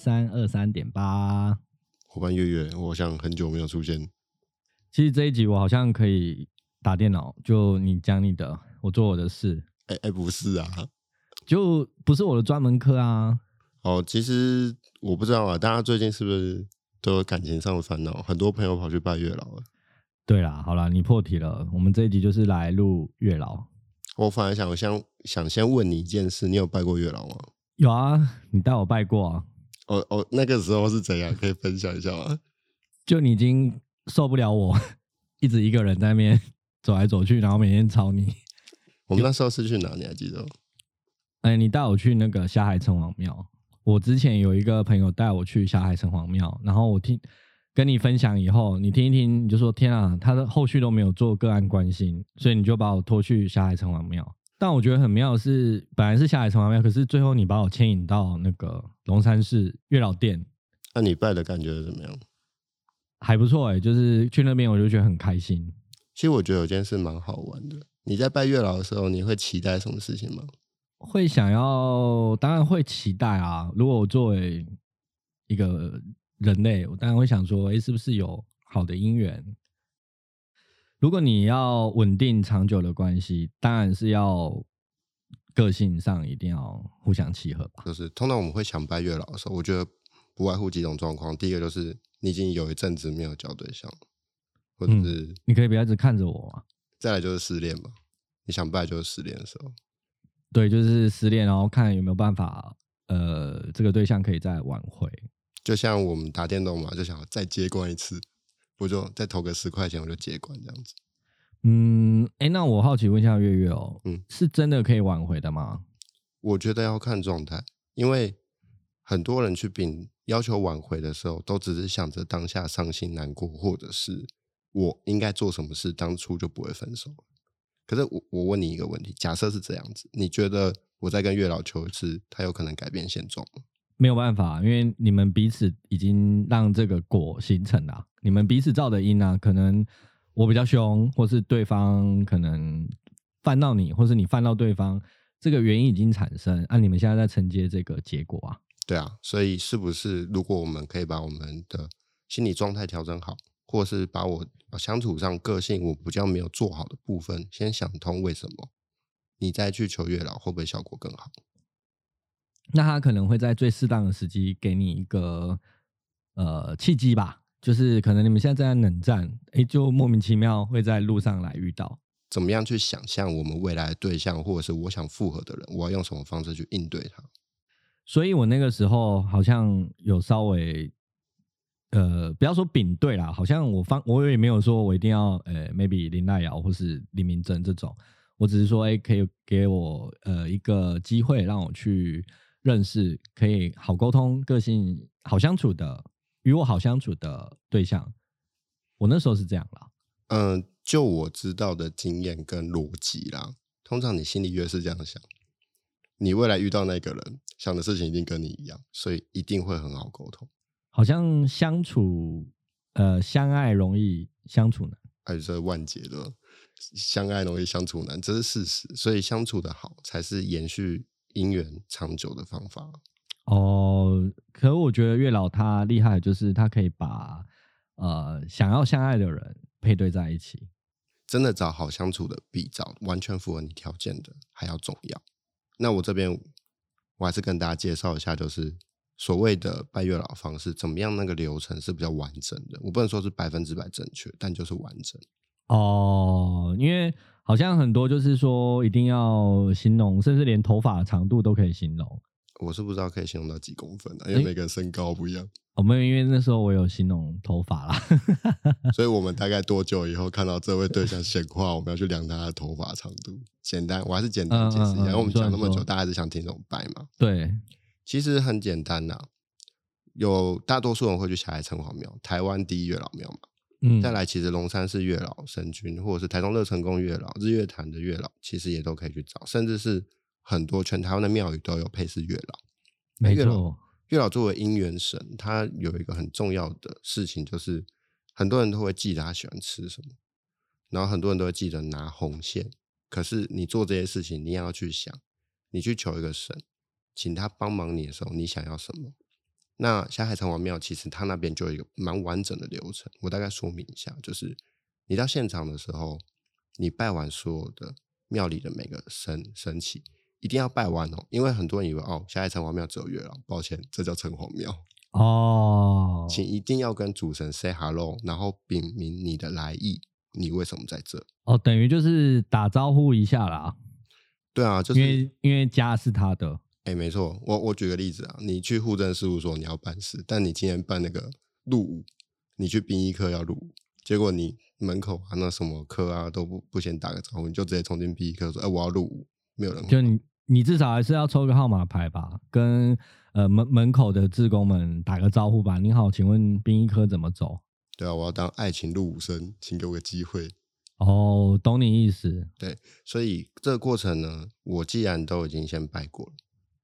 三二三點八，我伴月月，我好像很久沒有出現。其實這一集我好像可以打電腦，就你講你的，我做我的事。哎哎，不是啊，就不是我的專門課啊。哦，其實我不知道啊，大家最近是不是都有感情上的煩惱？很多朋友跑去拜月老了。對啦，好啦，你破題了。我們這一集就是來錄月老我。我反而想先想先問你一件事，你有拜過月老嗎？有啊，你帶我拜過啊。我、oh, 我、oh, 那個時候是怎樣？可以分享一下嗎？就你已經受不了我，一直一個人在那邊走來走去，然後每天吵你。我們那時候是去哪裡？你還記得？哎、欸，你帶我去那個霞海城隍廟。我之前有一個朋友帶我去霞海城隍廟，然後我聽跟你分享以後，你聽一聽，你就說天啊！他的後續都沒有做個案關心，所以你就把我拖去霞海城隍廟。但我覺得很妙的是，本來是霞海城隍廟，可是最後你把我牽引到那個龍山寺月老殿。那、啊、你拜的感覺是怎麼樣？還不錯、欸、就是去那邊我就覺得很開心。其實我覺得有件事蠻好玩的，你在拜月老的時候，你會期待什麼事情嗎？會想要，當然會期待啊。如果我作為一個人類，我當然會想說，哎、欸，是不是有好的姻緣？如果你要穩定長久的關係，當然是要個性上一定要互相契合吧。就是通常我們會想拜月老的時候，我覺得不外乎幾種狀況。第一個就是你已經有一陣子沒有交對象，或者是、嗯、你可以別一直看着我嘛。再來就是失戀嘛，你想拜就是失戀的時候。對，就是失戀，然後看有沒有辦法，呃，這個對象可以再挽回。就像我們打電動嘛，就想再接關一次。我就再投個十塊錢，我就接管這樣子。嗯，哎、欸，那我好奇問一下月月哦、喔，嗯，是真的可以挽回的嗎？我覺得要看狀態，因為很多人去並要求挽回的時候，都只是想着當下傷心難過，或者是我應該做什麼事，當初就不會分手。可是我我問你一個問題，假設是這樣子，你覺得我再跟月老求一次，他有可能改變現狀嗎？沒有辦法，因為你們彼此已經讓這個果形成了。你們彼此造的因呢、啊，可能我比較凶，或是對方可能犯到你，或是你犯到對方，這個原因已經產生。那、啊、你們現在在承接這個結果啊。對啊，所以是不是如果我們可以把我們的心理狀態調整好，或是把我相處上個性我比較沒有做好的部分先想通為什麼，你再去求月老會不會效果更好？那他可能會在最適當的時機給你一個呃契機吧，就是可能你們現在正在冷戰誒，就莫名其妙會在路上來遇到。怎麼樣去想象我們未來的對象，或者是我想復合的人，我要用什麼方式去應對他？所以我那個時候好像有稍微呃，不要說丙對啦，好像我方我也沒有說我一定要，呃，maybe 林大瑤或是李明珍這種，我只是說，誒，可以給我呃一個機會讓我去。認識可以好溝通、個性好相處的與我好相處的對象，我那時候是這樣了。嗯、呃，就我知道的經驗跟邏輯啦，通常你心裡越是這樣想，你未來遇到那個人想的事情一定跟你一樣，所以一定會很好溝通。好像相處呃相愛容易相處難，而且說萬劫的相愛容易相處難，這是事實。所以相處的好才是延續姻緣長久的方法哦，可我覺得月老他厲害，就是他可以把呃想要相愛的人配對在一起，真的找好相處的比，比找完全符合你條件的還要重要。那我這邊我還是跟大家介紹一下，就是所謂的拜月老方式，怎麼樣那個流程是比較完整的？我不能說是百分之百正確，但就是完整。哦、oh，因為好像很多就是說一定要形容，甚至連頭髮長度都可以形容。我是不知道可以形容到幾公分的，啊，欸，因為每個人身高不一樣。哦、oh，沒有，因為那時候我有形容頭髮啦。 所以，我們大概多久以後看到這位對象顯化， 我們要去量他的頭髮長度？簡單，我還是簡單解釋一下。嗯嗯嗯，我們講那麼久，嗯、大家還是想聽這種拜嘛？對，其實很簡單吶，啊。有大多數人會去霞海城隍廟，台灣第一月老廟嘛。嗯、再來，其實龍山寺月老、神君，或者是台中樂成宮月老、日月潭的月老，其實也都可以去找，甚至是很多全台灣的廟宇都有配祀月老。沒錯，月老作為姻緣神，他有一個很重要的事情，就是很多人都會記得他喜歡吃什麼，然後很多人都會記得拿紅線。可是你做這些事情，你也要去想，你去求一個神，請他幫忙你的時候，你想要什麼？那霞海城隍廟其實它那邊就有一個蠻完整的流程，我大概說明一下，就是你到現場的時候，你拜完所有的廟裡的每個神神祇，一定要拜完哦，因為很多人以為哦霞海城隍廟只有月老，抱歉，這叫城隍廟哦，請一定要跟主神 say hello，然後稟明你的來意，你為什麼在這？哦，等於就是打招呼一下啦。對啊，就是因為因為家是他的。哎，沒錯，我我舉個例子啊，你去戶政事務所你要辦事，但你今天辦那個入伍，你去兵役科要入伍，結果你門口啊那什麼科啊都不不先打個招呼，你就直接衝進兵役科說：“哎、呃，我要入伍。”沒有人，就你你至少還是要抽個號碼牌吧，跟呃門門口的志工們打個招呼吧。你好，請問兵役科怎麼走？對啊，我要當愛情入伍生，請給我個機會。哦，懂你意思。對，所以這個過程呢，我既然都已經先拜過了。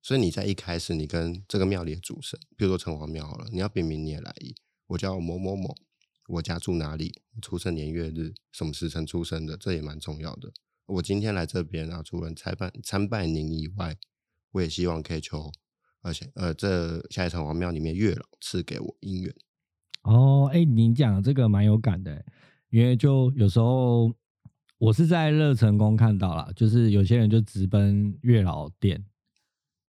所以你在一開始，你跟這個廟裡的主神，比如說城隍廟好了，你要表明你的來意。我叫某某某，我家住哪裡，出生年月日，什麼時辰出生的，這也蠻重要的。我今天來這邊啊，除了參拜參拜您以外，我也希望可以求，而且呃，這下一城隍廟裡面月老賜給我姻緣。哦，哎、欸，你講這個蠻有感的，因為就有時候我是在樂成宮看到啦，就是有些人就直奔月老殿。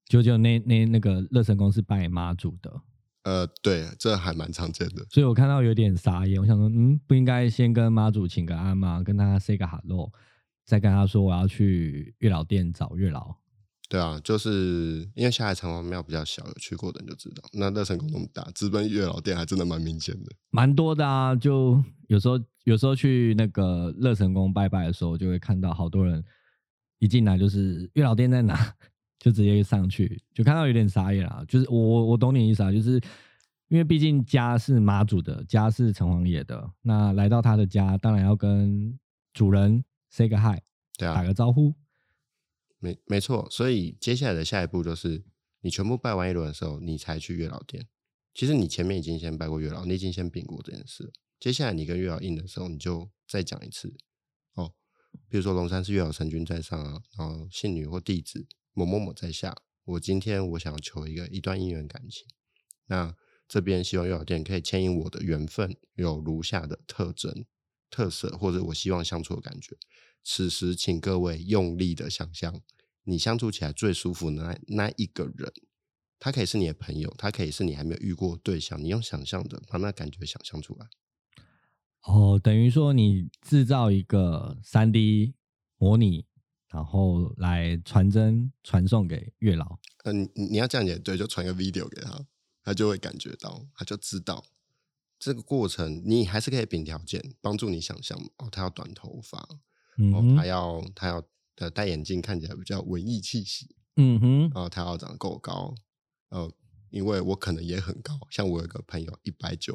九九那那那個樂成宮是拜媽祖的，呃，對，這還蠻常見的。所以我看到有點傻眼，我想說，嗯，不應該先跟媽祖請個安媽，跟他 say 個 hello，再跟他說我要去月老店找月老。對啊，就是因為下海城隍廟比較小，有去過的人就知道，那樂成宮那麼大，直奔月老店還真的蠻明顯的，蠻多的啊。就有時候，有時候去那個樂成宮拜拜的時候，就會看到好多人一進來就是月老店在哪？就直接上去，就看到有點傻眼啦。就是我我懂你的意思啊，就是因為畢竟家是媽祖的家是城隍爺的，那來到他的家，當然要跟主人 say 個 hi，對啊，打個招呼。沒沒錯，所以接下來的下一步就是你全部拜完一輪的時候，你才去月老殿。其實你前面已經先拜過月老，你已經先禀過這件事。接下來你跟月老印的時候，你就再講一次哦，比如說龍山寺月老神君在上啊，然後信女或弟子。某某某在下，我今天我想求一個一段姻緣感情。那這邊希望月老店可以牽引我的緣分，有如下的特徵、特色，或者我希望相處的感覺。此時，請各位用力的想象，你相處起來最舒服的那那一個人，他可以是你的朋友，他可以是你還沒有遇過的對象。你用想象的把那感覺想象出來。哦，等於說你制造一個三 D 模擬。然後來傳真傳送給月老，嗯、呃，你要這樣也對，就傳個 video 給他，他就會感覺到，他就知道這個過程。你還是可以憑條件幫助你想象哦，他要短頭髮，嗯、哦，他要他要他戴眼鏡，看起來比較文藝氣息，嗯哼，啊，他要長得夠高，呃，因為我可能也很高，像我有個朋友一百九，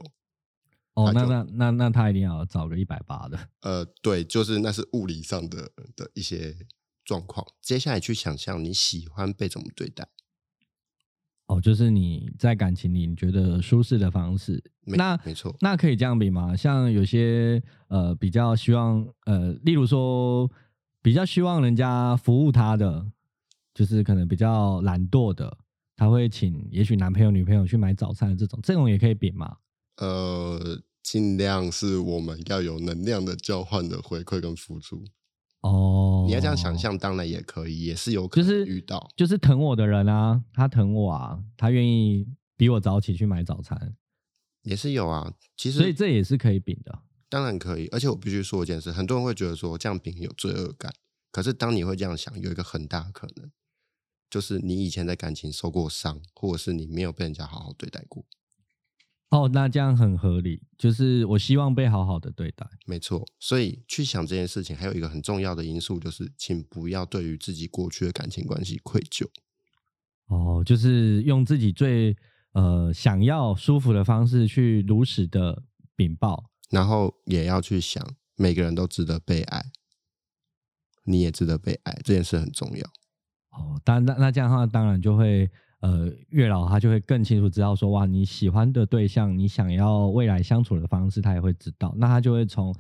哦，那那那那他一定要找個一百八的，呃，對，就是那是物理上的的一些。狀況，接下來去想象你喜歡被怎麼對待？哦，就是你在感情裡你覺得舒適的方式。沒那沒錯，那可以這樣比嗎？像有些呃比較希望呃，例如說比較希望人家服務他的，就是可能比較懶惰的，他會請也許男朋友女朋友去買早餐的這種，這種也可以比嗎？呃，盡量是我們要有能量的交換的回饋跟付出。哦、oh，你要這樣想象，當然也可以，也是有可能遇到，就是、就是、疼我的人啊，他疼我啊，他願意比我早起去買早餐，也是有啊。其實，所以這也是可以比的，當然可以。而且我必須說一件事，很多人會覺得說這樣比有罪惡感、嗯，可是當你會這樣想，有一個很大的可能，就是你以前在感情受過傷，或者是你沒有被人家好好對待過。哦，那這樣很合理，就是我希望被好好的對待。沒錯，所以去想這件事情，還有一個很重要的因素就是，請不要對於自己過去的感情關係愧疚。哦，就是用自己最呃想要舒服的方式去如實的稟報，然後也要去想，每個人都值得被愛，你也值得被愛，這件事很重要。哦，當然，那那這樣的話，當然就會。呃，月老他就會更清楚知道說，哇，你喜歡的對象，你想要未來相處的方式，他也會知道。那他就會從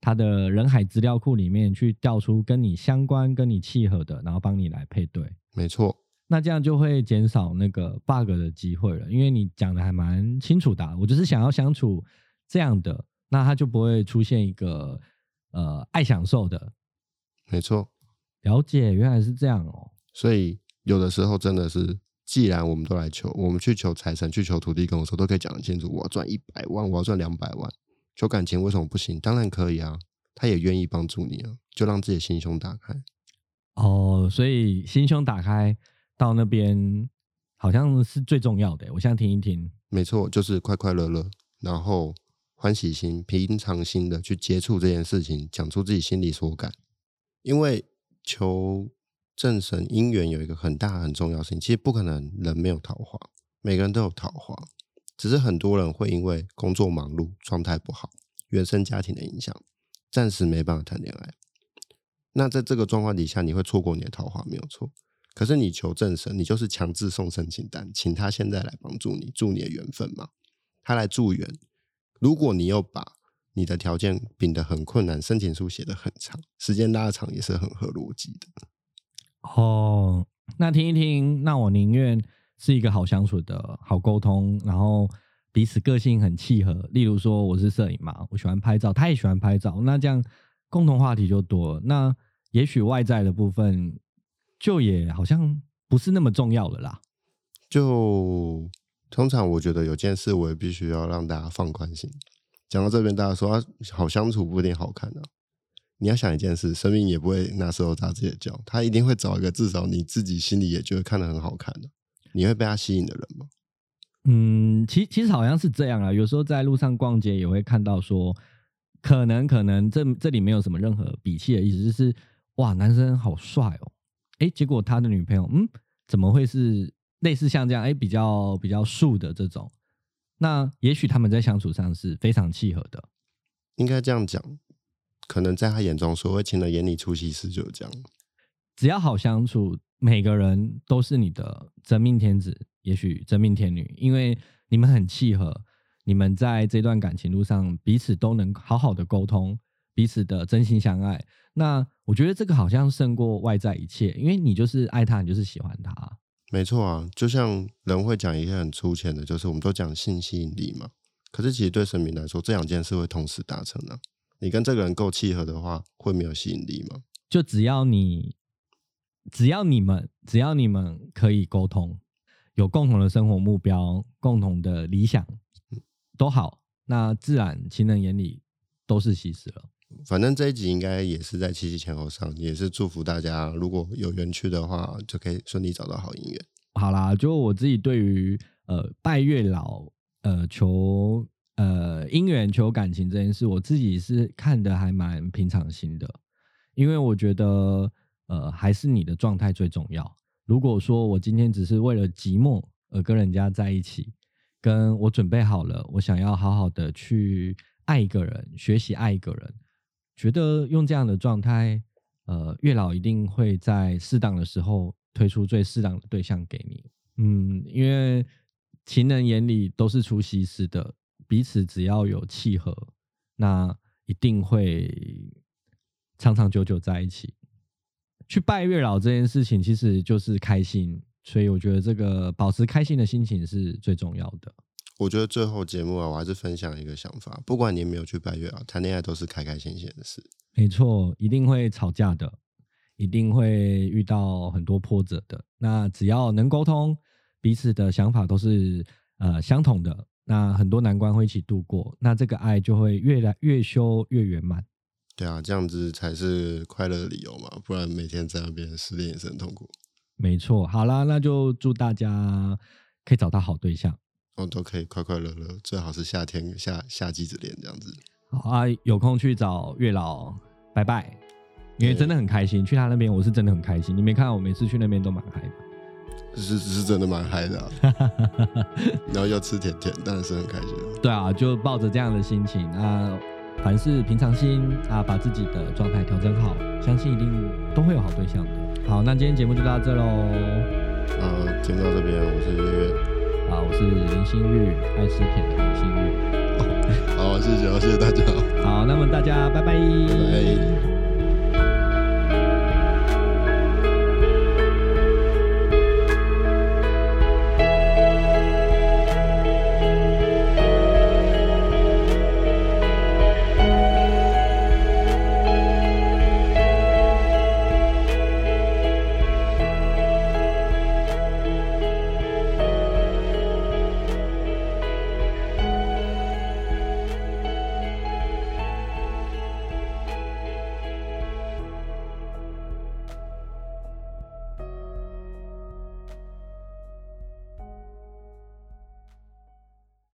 他的人海資料庫裡面去調出跟你相關、跟你契合的，然後幫你來配對。沒錯。那這樣就會減少那個 bug 的機會了，因為你講的還蠻清楚的啊。我就是想要相處這樣的，那他就不會出現一個呃愛享受的。沒錯。了解，原來是這樣哦，喔。所以有的時候真的是。既然我們都來求，我們去求財神，去求土地公，說都可以講得清楚。我要賺一百萬，我要賺兩百萬。求感情為什麼不行？當然可以啊，他也願意幫助你啊。就讓自己的心胸打開。哦，所以心胸打開到那邊好像是最重要的。我現在聽一聽，沒錯，就是快快樂樂，然後歡喜心、平常心的去接觸這件事情，講出自己心裡所感，因為求。正神姻緣有一個很大很重要的事情，其實不可能人沒有桃花，每個人都有桃花，只是很多人會因為工作忙碌、狀態不好、原生家庭的影響，暫時沒辦法談戀愛。那在這個狀況底下，你會錯過你的桃花，沒有錯。可是你求正神，你就是強制送申請單，請他現在來幫助你，助你的緣分嘛。他來助緣，如果你又把你的條件稟得很困難，申請書寫得很長，時間拉長也是很合邏輯的。哦，那聽一聽，那我寧願是一個好相處的、好溝通，然後彼此個性很契合。例如說，我是攝影嘛，我喜歡拍照，他也喜歡拍照，那這樣共同話題就多了。那也許外在的部分就也好像不是那麼重要的啦。就通常我覺得有件事，我也必須要讓大家放寬心。講到這邊，大家說啊，好相處不一定好看的。你要想一件事，生命也不會拿石頭砸自己的腳，他一定會找一個至少你自己心裡也覺得看得很好看的、你會被他吸引的人嗎？嗯，其其實好像是這樣啊。有時候在路上逛街也會看到說，可能可能這這裡沒有什麼任何鄙棄的意思，就是哇，男生好帥哦、喔，哎、欸，結果他的女朋友，嗯，怎麼會是類似像這樣，哎、欸，比較比較素的這種？那也許他們在相處上是非常契合的，應該這樣講。可能在他眼中說，所謂“情人眼裡出西施”就是這樣。只要好相處，每個人都是你的真命天子，也許真命天女，因為你們很契合，你們在這段感情路上彼此都能好好的溝通，彼此的真心相愛。那我覺得這個好像勝過外在一切，因為你就是愛他，你就是喜歡他。沒錯啊，就像人會講一些很粗淺的，就是我們都講性吸引力嘛。可是其實對神明來說，這兩件事會同時達成的啊。你跟這個人夠契合的話，會沒有吸引力嗎？就只要你、只要你們、只要你們可以溝通，有共同的生活目標、共同的理想，嗯、都好，那自然情人眼裡都是西施了，嗯。反正這一集應該也是在七夕前後上，也是祝福大家，如果有緣去的話，就可以順利找到好姻緣。好啦，就我自己對於呃拜月老呃求。呃，姻緣求感情這件事，我自己是看得還蠻平常心的，因為我覺得，呃，還是你的狀態最重要。如果說我今天只是為了寂寞而跟人家在一起，跟我準備好了，我想要好好的去愛一個人，學習愛一個人，覺得用這樣的狀態，呃，月老一定會在適當的時候推出最適當的對象給你。嗯，因為情人眼裡都是出西施的。彼此只要有契合，那一定會長長久久在一起。去拜月老這件事情其實就是開心，所以我覺得這個保持開心的心情是最重要的。我覺得最後節目啊，我還是分享一個想法，不管你有沒有去拜月老，談戀愛都是開開心心的事。沒錯，一定會吵架的，一定會遇到很多波折的。那只要能溝通，彼此的想法都是呃相同的。那很多難關會一起度過，那這個愛就會越來越修越圓滿。對啊，這樣子才是快樂的理由嘛，不然每天在那邊失戀也是很痛苦。沒錯，好啦，那就祝大家可以找到好對象，哦，都可以快快樂樂，最好是夏天夏夏季之戀這樣子。好啊，有空去找月老拜拜，因為真的很開心去他那邊，我是真的很開心。你沒看我每次去那邊都蠻開心是，是真的蠻嗨的、啊， 然後要吃甜甜當然是很開心了、哦。對啊，就抱着這樣的心情，那、呃、凡事平常心啊、呃，把自己的狀態調整好，相信一定都會有好對象的。好，那今天節目就到這嘍。呃，先到這邊、啊、我是音樂，啊，我是林心玉，愛吃甜的林心玉。哦、好，謝謝、哦，謝謝大家。好，那麼大家拜拜。拜，拜。